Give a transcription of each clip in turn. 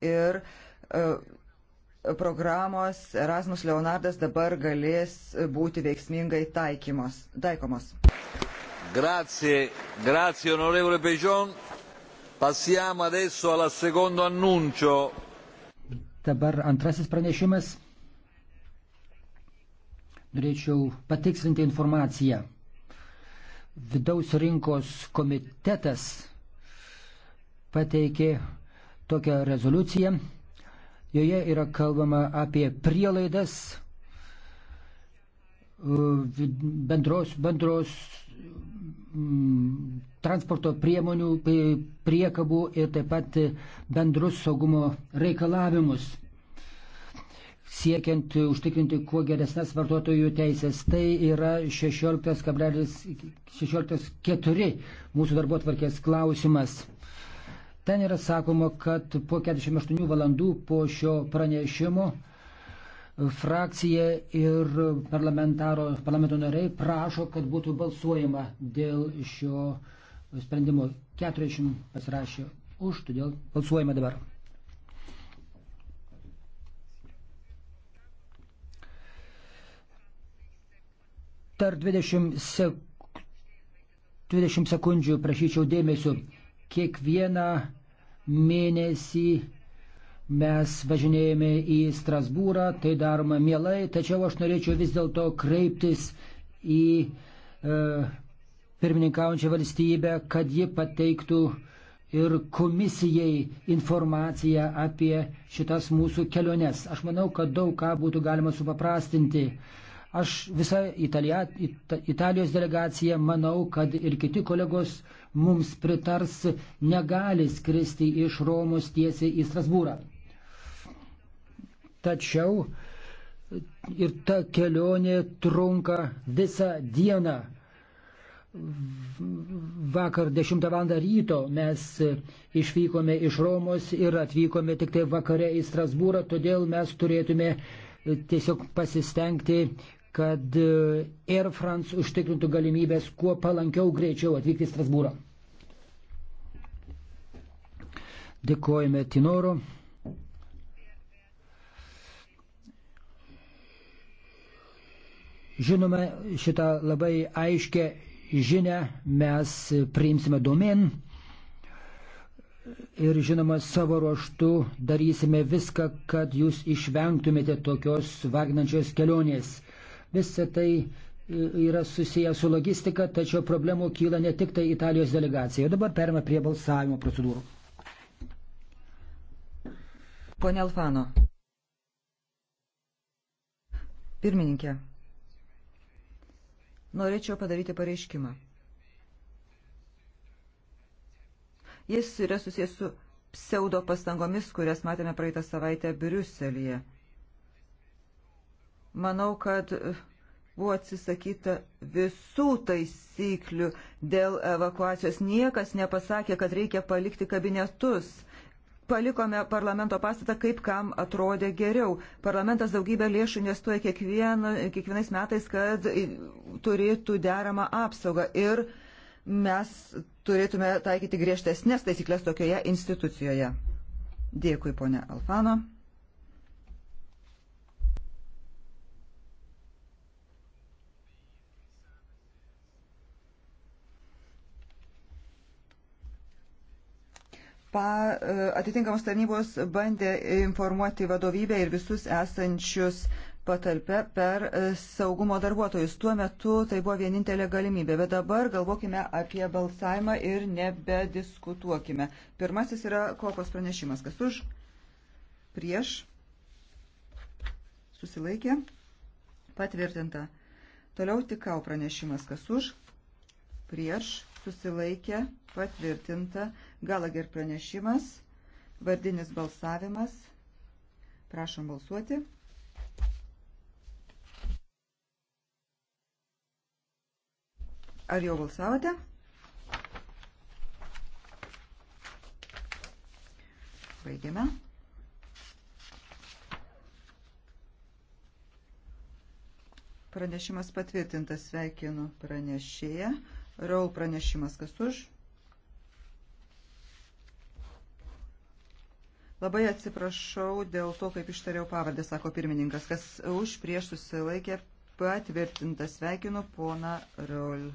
ir e, programos Erasmus Leonardas dabar galės būti veiksmingai taikymos, taikomos. Grazie, grazie onorevole Pejon. Passiamo adesso alla secondo annuncio. Dabar antrasis pranešimas. Norėčiau patikslinti informaciją. Vidaus rinkos komitetas pateikė tokią rezoliuciją. Joje yra kalbama apie prielaidas e, bendros, bendros mm, transporto priemonių, e, priekabų ir taip pat bendrus saugumo reikalavimus siekiant užtikrinti kuo geresnės vartotojų teisės. Tai yra 16,4 16, mūsų darbo tvarkės klausimas. Ten yra sakoma, kad po 48 valandų po šio pranešimo frakcija ir parlamento nariai prašo, kad būtų balsuojama dėl šio sprendimo. 40 pasirašė už, todėl balsuojame dabar. Tar 20, sek... 20 sekundžių prašyčiau dėmesio. Kiekvieną mėnesį mes važinėjame į Strasbūrą, tai daroma mielai, tačiau aš norėčiau vis dėlto kreiptis į e, pirmininkaujančią valstybę, kad ji pateiktų ir komisijai informaciją apie šitas mūsų keliones. Aš manau, kad daug ką būtų galima supaprastinti. Aš visą Italija, Ita, Italijos delegaciją manau, kad ir kiti kolegos mums pritars, negali skristi iš Romos tiesiai į Strasbūrą. Tačiau ir ta kelionė trunka visą dieną. Vakar 10 val. ryto mes išvykome iš Romos ir atvykome tik tai vakare į Strasbūrą, todėl mes turėtume tiesiog pasistengti kad e, Air France užtikrintų galimybės kuo palankiau greičiau atvykti į Strasbūrą. Dėkojame Tinoro. Žinome, šitą labai aiškę žinę mes priimsime domen ir žinoma savo ruoštų darysime viską, kad jūs išvengtumėte tokios vagnančios kelionės. Visą tai e, yra susiję su logistika, tačiau problemų kyla ne tik tai Italijos delegacija. Dabar perima prie balsavimo procedūrų. Pone Alfano. Pirmininkė. Norėčiau padaryti pareiškimą. Jis yra susijęs su pseudo pastangomis, kurias matėme praeitą savaitę Briuselėje. Manau, kad e, buvo atsisakyta visų taisyklių dėl evakuacijos. Niekas nepasakė, kad reikia palikti kabinetus. Palikome parlamento pastatą, kaip kam atrodė geriau. Parlamentas daugybę lėšų investuoja kiekvien, kiekvienais metais, kad turėtų deramą apsaugą. Ir mes turėtume taikyti griežtesnės taisyklės tokioje institucijoje. Dėkui, ponė Alfano. pa, e, atitinkamos tarnybos bandė informuoti vadovybę ir visus esančius patalpę per e, saugumo darbuotojus. Tuo metu tai buvo vienintelė galimybė, bet dabar galvokime apie balsavimą ir nebediskutuokime. Pirmasis yra kokos pranešimas. Kas už? Prieš? Susilaikė? Patvirtinta. Toliau tikau pranešimas. Kas už? Prieš? Susilaikė? Patvirtinta. Galager pranešimas, vardinis balsavimas. Prašom balsuoti. Ar jau balsavote? Baigiame. Pranešimas patvirtintas, sveikinu pranešėją. Rau pranešimas kas už? Labai atsiprašau dėl to, kaip ištariau pavardę, sako pirmininkas, kas už prieš susilaikė patvirtintas. Sveikinu pona Rol.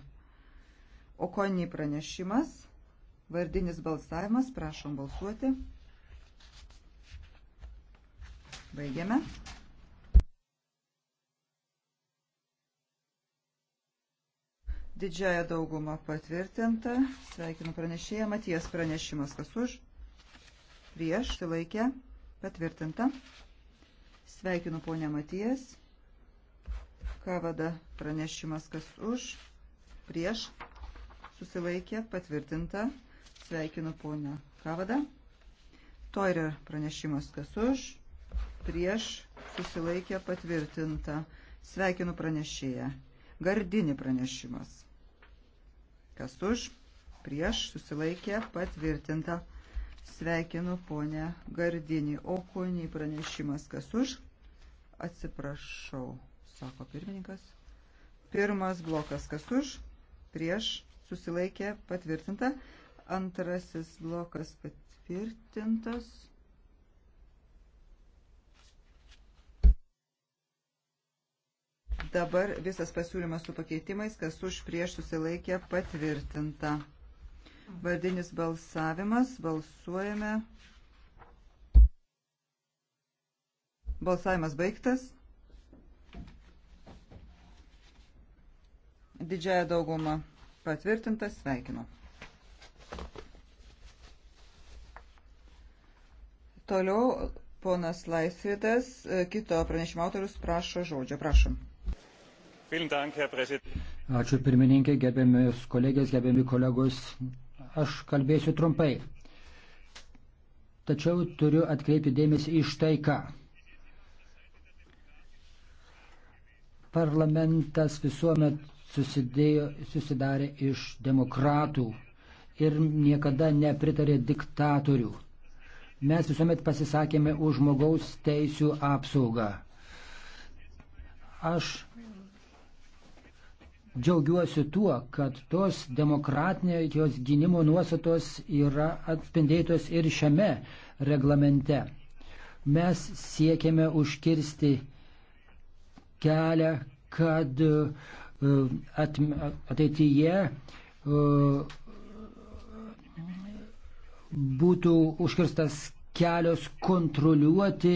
O koni pranešimas, vardinis balsavimas, prašom balsuoti. Baigiame. Didžiaja dauguma patvirtinta. Sveikinu pranešėją. Matijas pranešimas, kas už prieš sulaikę patvirtinta. Sveikinu ponę Matijas. Kavada pranešimas, kas už, prieš, susilaikė, patvirtinta. Sveikinu ponę Kavada. Toirer pranešimas, kas už, prieš, susilaikė, patvirtinta. Sveikinu pranešėją. Gardinį pranešimas. Kas už, prieš, susilaikė, patvirtinta. Sveikinu ponę Gardinį. O koniai pranešimas kas už? Atsiprašau, sako pirmininkas. Pirmas blokas kas už? Prieš susilaikė patvirtinta. Antrasis blokas patvirtintas. Dabar visas pasiūlymas su pakeitimais, kas už prieš susilaikė patvirtinta. Vardinis balsavimas. Balsuojame. Balsavimas baigtas. Didžiaja dauguma patvirtintas. Sveikinu. Toliau ponas Laisvidas, kito pranešimo autorius, prašo žodžio. Prašom. Ačiū pirmininkė, gerbiamis kolegės, gerbiami kolegos aš kalbėsiu trumpai. Tačiau turiu atkreipti dėmesį iš tai, ką. Parlamentas visuomet susidėjo, susidarė iš demokratų ir niekada nepritarė diktatorių. Mes visuomet pasisakėme už žmogaus teisų apsaugą. Aš džiaugiuosi tuo, kad tos demokratinės jos gynimo nuostatos yra atspindėtos ir šiame reglamente. Mes siekiame užkirsti kelią, kad e, ateityje e, būtų užkirstas kelios kontroliuoti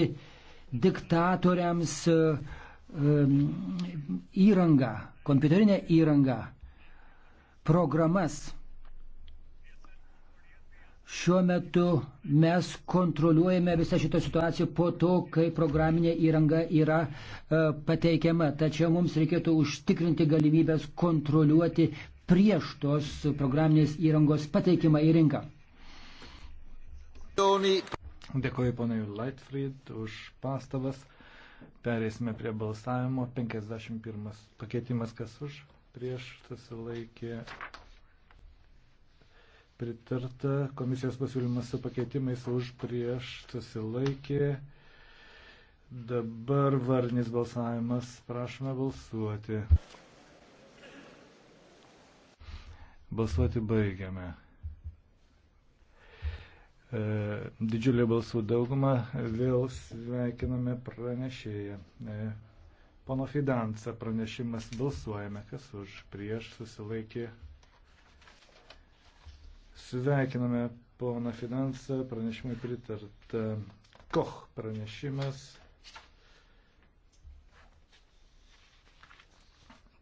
diktatoriams e, įrangą kompiuterinę įrangą, programas. Šiuo metu mes kontroliuojame visą šitą situaciją po to, kai programinė įranga yra e, pateikiama. Tačiau mums reikėtų užtikrinti galimybės kontroliuoti prieš tos programinės įrangos pateikimą į rinką. Dėkuoju ponui Lightfried už pastabas. Perėsime prie balsavimo. 51 pakeitimas kas už, prieš susilaikė pritarta. Komisijos pasiūlymas su pakeitimais už, prieš susilaikė. Dabar varnis balsavimas. Prašome balsuoti. Balsuoti baigiame. E, didžiulė balsų dauguma vėl sveikiname pranešėją. E, pono Fidansa pranešimas balsuojame, kas už prieš susilaikė. Sveikiname pono Fidansa, pranešimui pritarta. Koch pranešimas.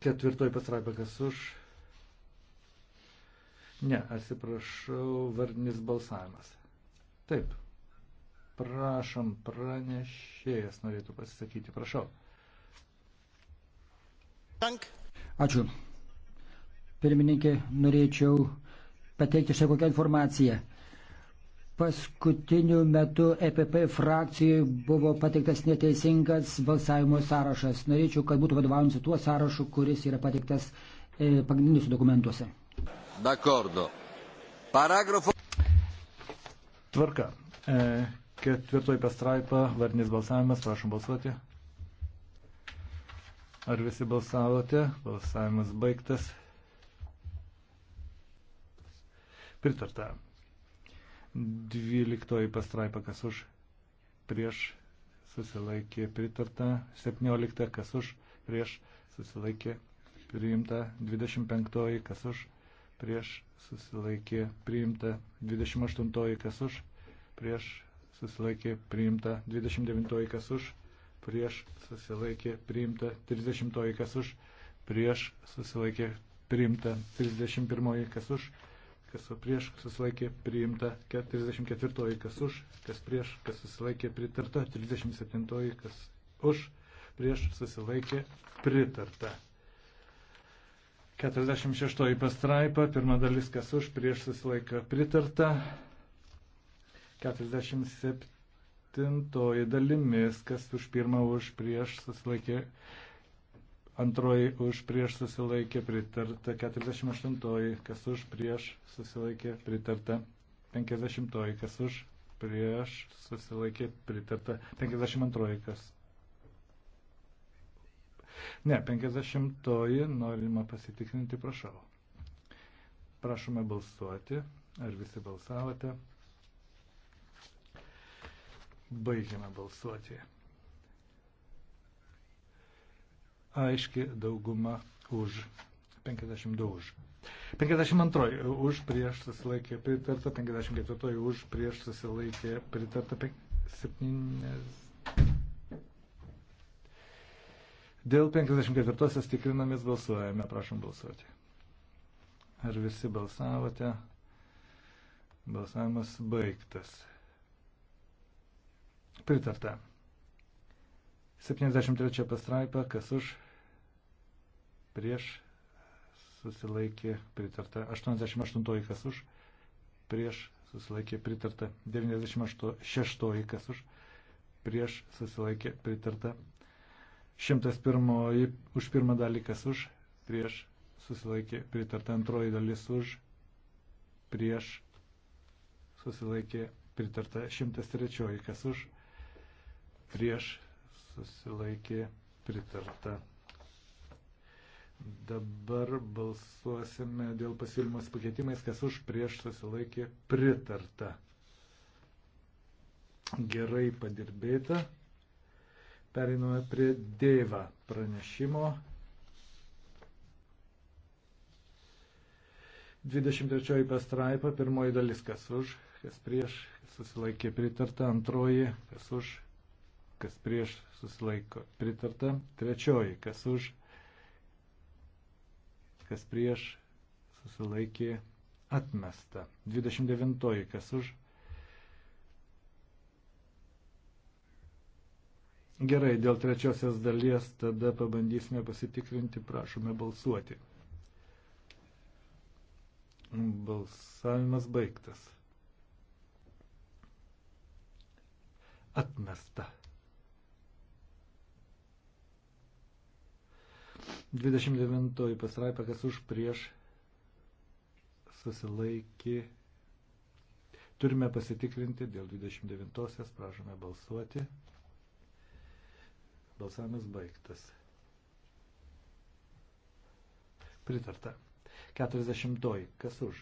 Ketvirtoji pasraipa, kas už. Ne, atsiprašau, vardinis balsavimas. Taip. Prašom, pranešėjas norėtų pasisakyti. Prašau. Tank. Ačiū. Pirmininkė, norėčiau pateikti šią kokią informaciją. Paskutiniu metu EPP frakcijai buvo pateiktas neteisingas balsavimo sąrašas. Norėčiau, kad būtų vadovaujamasi tuo sąrašu, kuris yra pateiktas e, pagrindiniuose dokumentuose. D'accordo. Paragrafo Tvarka. E, ketvirtoji pastraipa, vardinis balsavimas, prašom balsuoti. Ar visi balsavote? Balsavimas baigtas. Pritarta. Dvyliktoji pastraipa, kas už, prieš, susilaikė, pritarta. Septyniolikta, kas už, prieš, susilaikė, priimta. Dvidešimt penktoji, kas už, prieš prieš susilaikė priimta 28 kas už, prieš susilaikė priimta 29 kas už, prieš susilaikė priimta 30 kas už, prieš susilaikė priimta 31 kas už, kas prieš susilaikė priimta 34 kas už, kas prieš kas susilaikė pritarta 37 kas už, prieš susilaikė pritarta. 46 pastraipa, pirma dalis kas už, prieš susilaiką pritarta. 47 dalimis, kas už pirmą už, prieš susilaikė. Antroji už prieš susilaikė pritarta, 48 kas už prieš susilaikė pritarta, 50 kas už prieš susilaikė pritarta, 52 kas Ne, 50-oji norima pasitikrinti, prašau. Prašome balsuoti. Ar visi balsavote? Baigiame balsuoti. Aiški dauguma už 52 už. 52 už prieš susilaikė pritarta, 54 už prieš susilaikė pritarta, 7. Dėl 54-osios tikrinamis balsuojame, prašom balsuoti. Ar visi balsavote? Balsavimas baigtas. Pritarta. 73 pastraipa, kas už, prieš, susilaikė, pritarta. 88 kas už, prieš, susilaikė, pritarta. 96 kas už, prieš, susilaikė, pritarta. 101 už pirmą dalį kas už, prieš susilaikė pritarta antroji dalis už, prieš susilaikė pritarta 103 kas už, prieš susilaikė pritarta. Dabar balsuosime dėl pasiūlymos pakeitimais, kas už prieš susilaikė pritarta. Gerai padirbėta. Periname prie dėvą pranešimo. 23 pastraipa, pirmoji dalis, kas už, kas prieš, kas susilaikė pritarta, antroji, kas už, kas prieš, susilaiko pritarta, trečioji, kas už, kas prieš, susilaikė atmesta, 29, kas už, Gerai, dėl trečiosios dalies tada pabandysime pasitikrinti, prašome balsuoti. Balsavimas baigtas. Atmesta. 29 pasraipa, kas už prieš susilaikė. Turime pasitikrinti dėl 29-osios, prašome balsuoti. Balsavimas baigtas. Pritarta. 40. Kas už?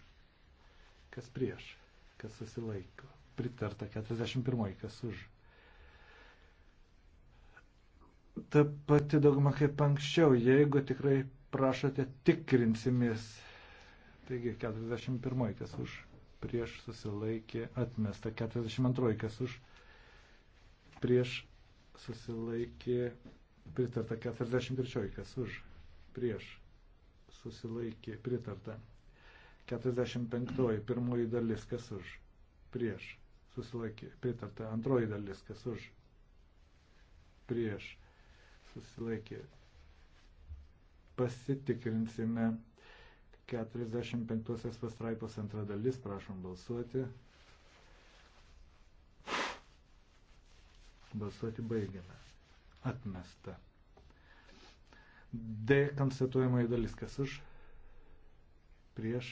Kas prieš? Kas susilaiko? Pritarta. 41. Kas už? Ta pati dauguma kaip anksčiau, jeigu tikrai prašote, tikrinsimės. Taigi 41. Kas už? Prieš susilaikė atmesta. 42. Kas už? Prieš susilaikė pritarta 43, kas už, prieš, susilaikė pritarta 45, pirmoji dalis, kas už, prieš, susilaikė pritarta antroji dalis, kas už, prieš, susilaikė. Pasitikrinsime 45 pastraipos antrą dalis, prašom balsuoti. Balsuoti baigiame. Atmesta. D konstatuojamoji dalis, kas už, prieš.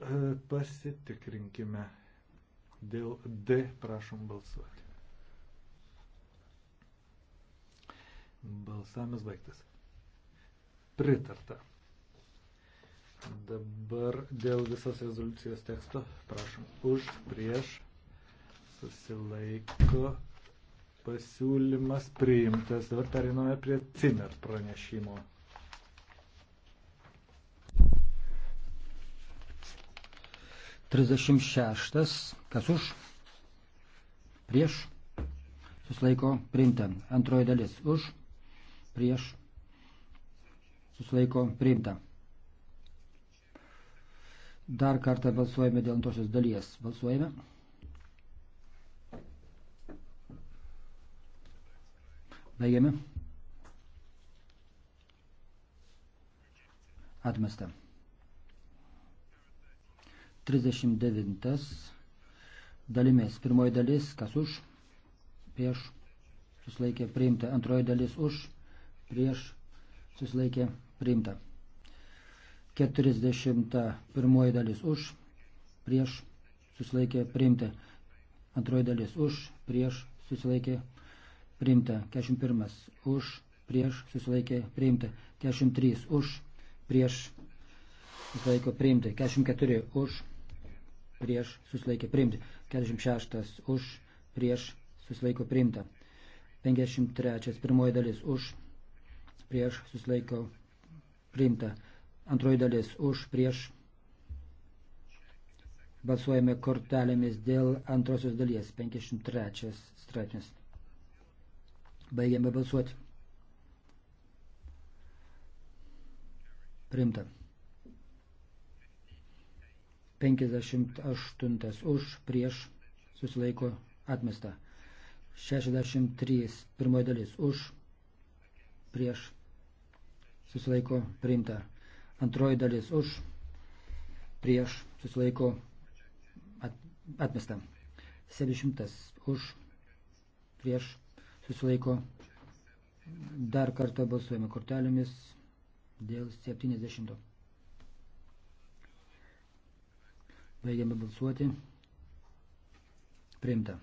E, pasitikrinkime. Dėl D prašom balsuoti. Balsavimas baigtas. Pritarta. Dabar dėl visos rezoliucijos teksto, prašom, už, prieš, susilaiko, pasiūlymas priimtas. Dabar periname prie CIMER pranešimo. Trisdešimt šeštas, kas už, prieš, susilaiko, priimta. Antroji dalis, už, prieš, susilaiko, priimta. Dar kartą balsuojame dėl antosios dalies. Balsuojame. Baigiame. Atmesta. 39 dalimis. Pirmoji dalis, kas už, prieš, susilaikė priimta. Antroji dalis už, prieš, susilaikė priimta. 41 dalis už, prieš susilaikė priimta. Antroji dalis už, prieš susilaikė priimta. 41 už, prieš susilaikė priimta. 43 už, prieš susilaiko priimta. 44 už, prieš susilaikė priimta. 46 už, prieš susilaiko priimta. 53 pirmoji dalis už, prieš susilaiko priimta. Antroji dalis už prieš. Balsuojame kortelėmis dėl antrosios dalies, 53 straipsnis. Baigiame balsuoti. Primta. 58 už, prieš, susilaiko atmesta. 63 pirmoji dalis už, prieš, susilaiko priimta. Antroji dalis už, prieš, susilaiko at, atmesta. 700 už, prieš, susilaiko. Dar kartą balsuojame kortelėmis dėl 70. Baigiame balsuoti. Priimta.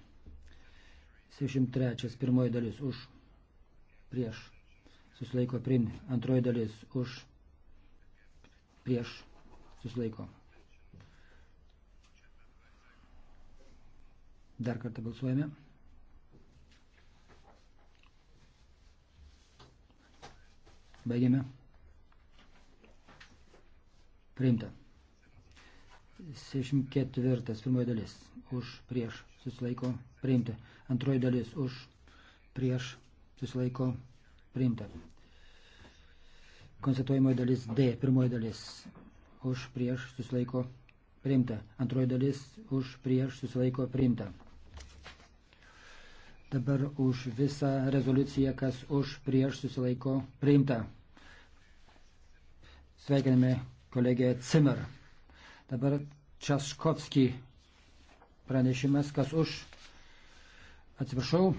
703. Pirmoji dalis už, prieš, susilaiko priimti. Antroji dalis už, prieš prieš susilaiko. Dar kartą balsuojame. Baigiame. Priimta. 64. Pirmoji dalis. Už prieš susilaiko. Priimta. Antroji dalis. Už prieš susilaiko. Priimta konstatuojamoji dalis D, pirmoji dalis už prieš susilaiko priimta, antroji dalis už prieš susilaiko priimta. Dabar už visą rezoliuciją, kas už prieš susilaiko priimta. Sveikiname kolegę Cimer. Dabar Časkovski pranešimas, kas už. Atsiprašau.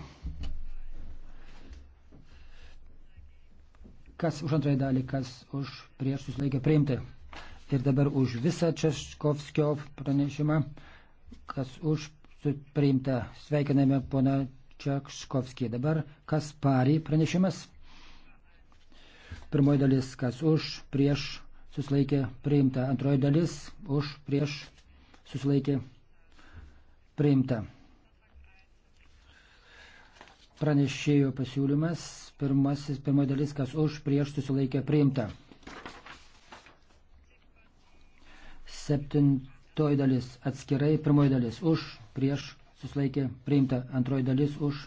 Kas už antrąją dalį, kas už prieš susilaikė priimti. Ir dabar už visą Českovskio pranešimą, kas už priimta. Sveikiname pona Českovskį. Dabar kas pari pranešimas. Pirmoji dalis, kas už prieš susilaikė priimta. Antroji dalis, už prieš susilaikė priimta pranešėjo pasiūlymas Pirmasis, pirmo dalis, kas už, prieš susilaikė priimta. Septintoji dalis atskirai, pirmoji dalis už, prieš susilaikė priimta. Antroji dalis už,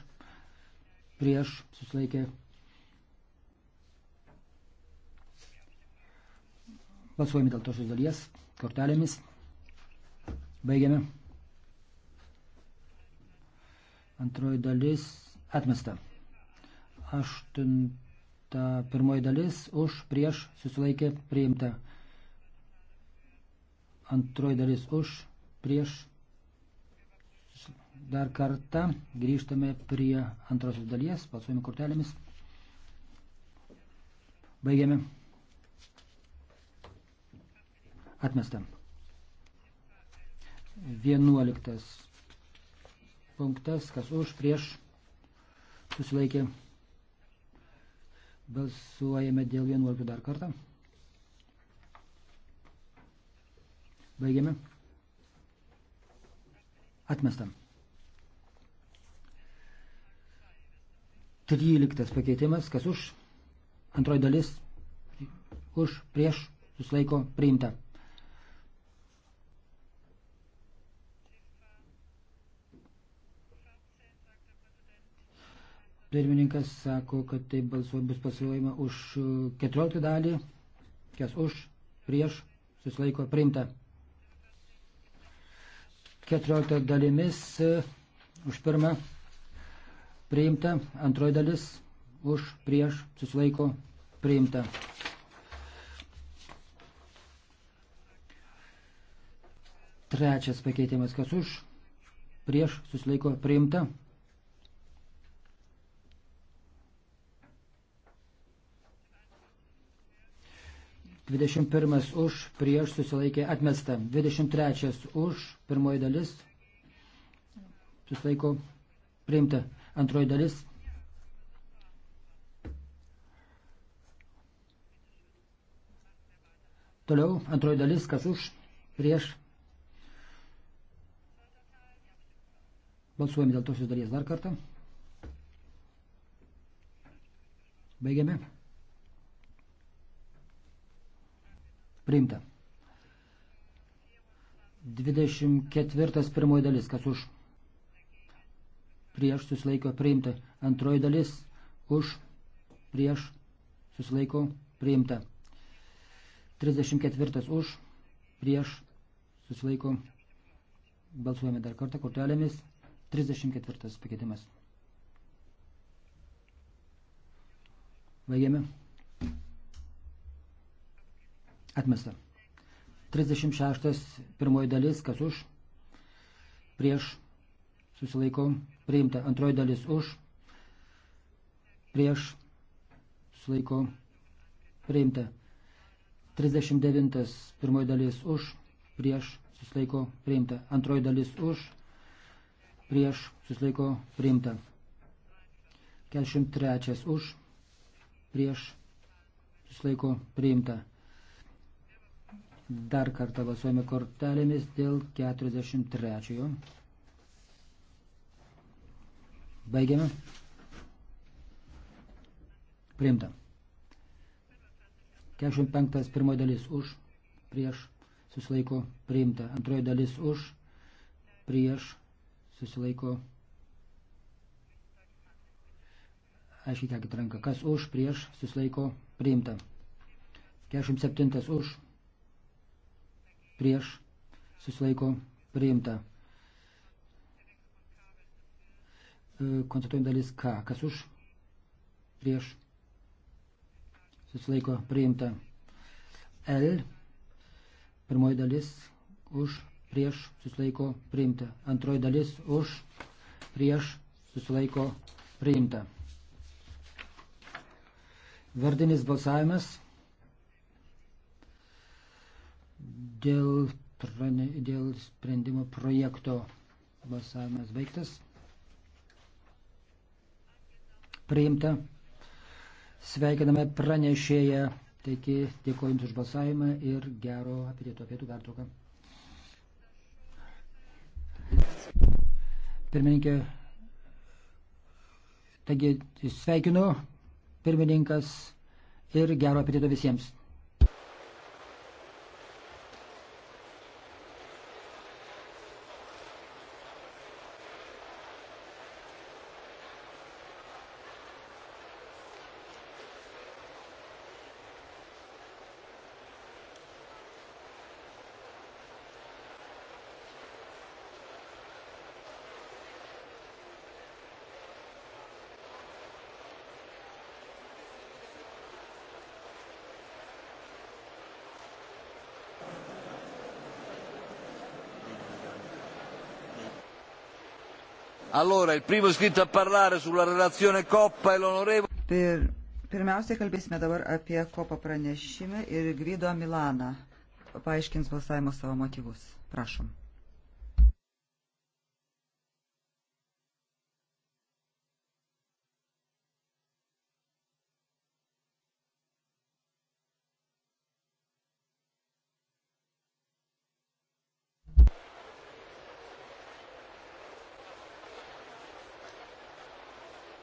prieš susilaikė. Balsuojame dėl tos dalies kortelėmis. Baigiame. Antroji dalis atmesta aštunta pirmoji dalis už prieš susilaikė priimta. Antroji dalis už prieš. Dar kartą grįžtame prie antrosios dalies, pasuojame kortelėmis. Baigiame. Atmesta. Vienuoliktas punktas, kas už prieš susilaikė Balsuojame dėl 11 dar kartą. Baigiame. Atmestam. 13 pakeitimas, kas už, antroji dalis, už, prieš, susilaiko, priimta. Pirmininkas sako, kad taip balsuoj, bus pasiūlymą už 14 e, dalį, kas už, prieš, susilaiko priimta. 14 dalimis e, už pirmą priimta, antroji dalis už, prieš, susilaiko priimta. Trečias pakeitimas, kas už, prieš, susilaiko priimta. 21 už, prieš susilaikė atmesta. 23 už, pirmoji dalis susilaiko priimta. Antroji dalis Toliau antroji dalis, kas už, prieš. Balsuojame dėl tosios dalies dar kartą. Baigiame. Priimta. 24 pirmoji dalis, kas už prieš susilaiko priimta. Antroji dalis už prieš susilaiko priimta. 34 už prieš susilaiko. Balsuojame dar kartą kortelėmis. 34 pakeitimas. Baigiame. Atmesta. 36. Pirmoji dalis, kas už, prieš, susilaiko, priimta. Antroji dalis už, prieš, susilaiko, priimta. 39. Pirmoji dalis už, prieš, susilaiko, priimta. Antroji dalis už, prieš, susilaiko, priimta. 43. Už, prieš, susilaiko, priimta. Dar kartą balsuojame kortelėmis dėl 43-ojo. Baigiame. Priimta. 45 pirmoji dalis už, prieš, susilaiko, priimta. Antroji dalis už, prieš, susilaiko. Aiškiai kelkit ranką. Kas už, prieš, susilaiko, priimta. 47 už, prieš susilaiko priimta. E, Konstatuojant dalis K, kas už prieš susilaiko priimta. L, pirmoji dalis už prieš susilaiko priimta. Antroji dalis už prieš susilaiko priimta. Vardinis balsavimas dėl, prane, dėl sprendimo projekto balsavimas baigtas. Priimta. Sveikiname pranešėją. Taigi dėkoju Jums už balsavimą ir gero apetito pietų pertrauką. Pirmininkė, taigi sveikinu pirmininkas ir gero apetito visiems. Allora, il primo iscritto a parlare sulla relazione Coppa è l'onorevole. Pir, tai pirmiausiai kalbėsime dabar apie Kopą pranešimą ir Gvido Milaną. Paaiškins balsavimo savo motyvus. Prašom.